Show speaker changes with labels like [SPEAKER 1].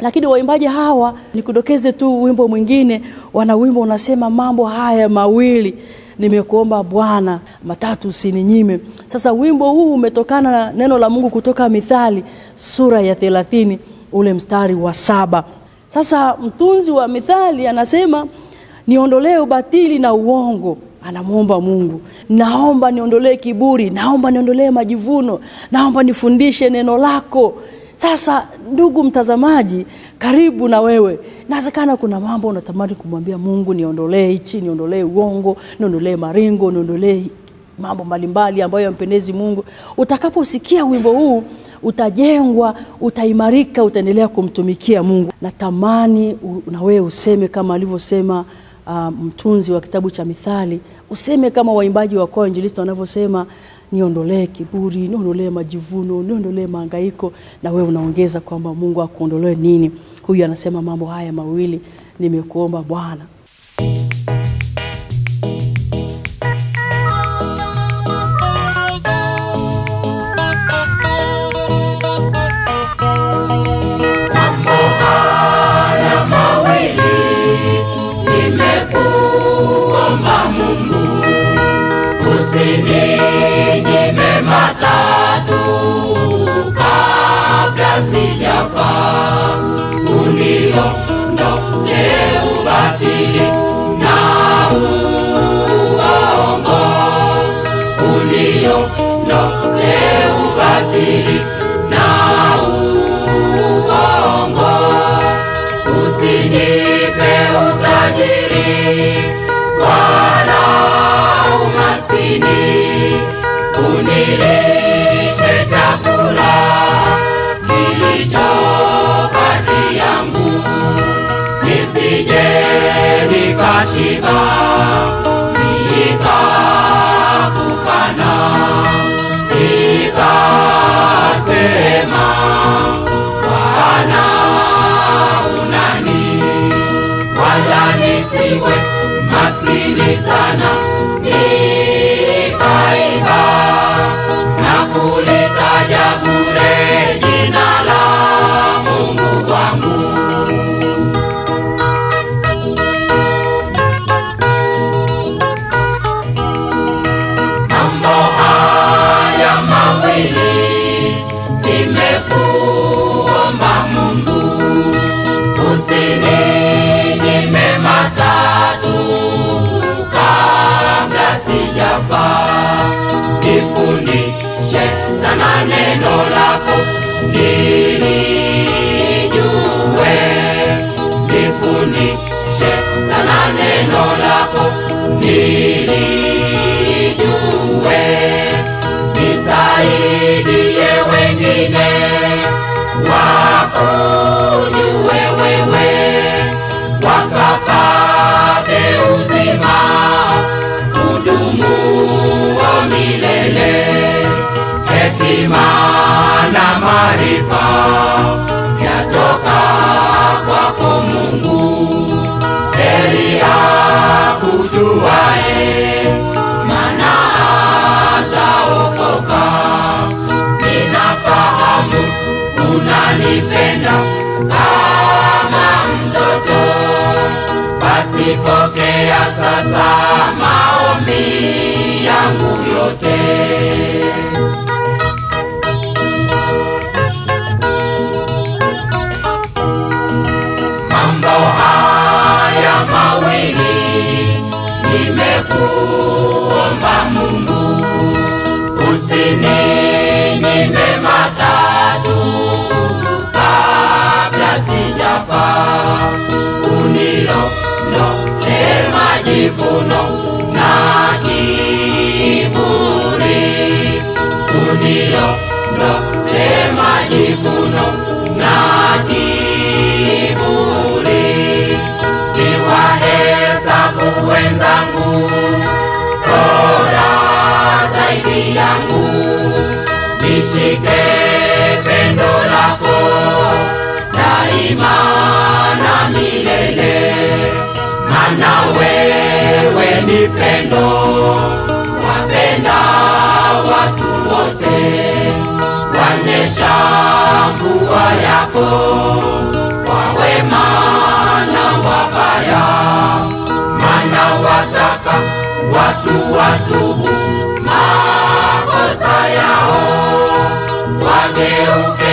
[SPEAKER 1] Lakini waimbaji hawa, nikudokeze tu wimbo mwingine, wana wimbo unasema mambo haya mawili nimekuomba Bwana, matatu usininyime. Sasa wimbo huu umetokana na neno la Mungu kutoka Mithali sura ya thelathini ule mstari wa saba. Sasa mtunzi wa Mithali anasema niondolee ubatili na uongo, anamwomba Mungu, naomba niondolee kiburi, naomba niondolee majivuno, naomba nifundishe neno lako sasa ndugu mtazamaji, karibu na wewe, nawezekana kuna mambo unatamani kumwambia Mungu, niondolee hichi, niondolee uongo, niondolee maringo, niondolee mambo mbalimbali ambayo yampendezi Mungu. Utakaposikia wimbo huu utajengwa, utaimarika, utaendelea kumtumikia Mungu. Natamani na wewe useme kama alivyosema uh, mtunzi wa kitabu cha Mithali, useme kama waimbaji wa kwaya injilisti wanavyosema, niondolee kiburi, niondolee majivuno, niondolee mahangaiko, na wewe unaongeza kwamba Mungu akuondolee nini? Huyu anasema mambo haya mawili nimekuomba Bwana.
[SPEAKER 2] Usininyime matatu kabla sijafa, uniondoe ubatili na uongo, uniondoe ubatili maskini, unilishe chakula kilicho kati yangu, nisije nikashiba. chache sana neno lako nilijue, nisaidie wengine wakujue wewe, wakapate uzima udumuo milele, hekima na maarifa ananipenda kama mtoto, pasipokea sasa maombi yangu yote. no unilondolee majivuno na kiburi, unilo unilondolee majivuno na kiburi, niwahesabu wenzangu bora zaidi yangu, nishike ni pendo, wapenda watu wote, wanyesha mvua yako kwa wema na wabaya, mana wataka watu watubu makosa yao wageuke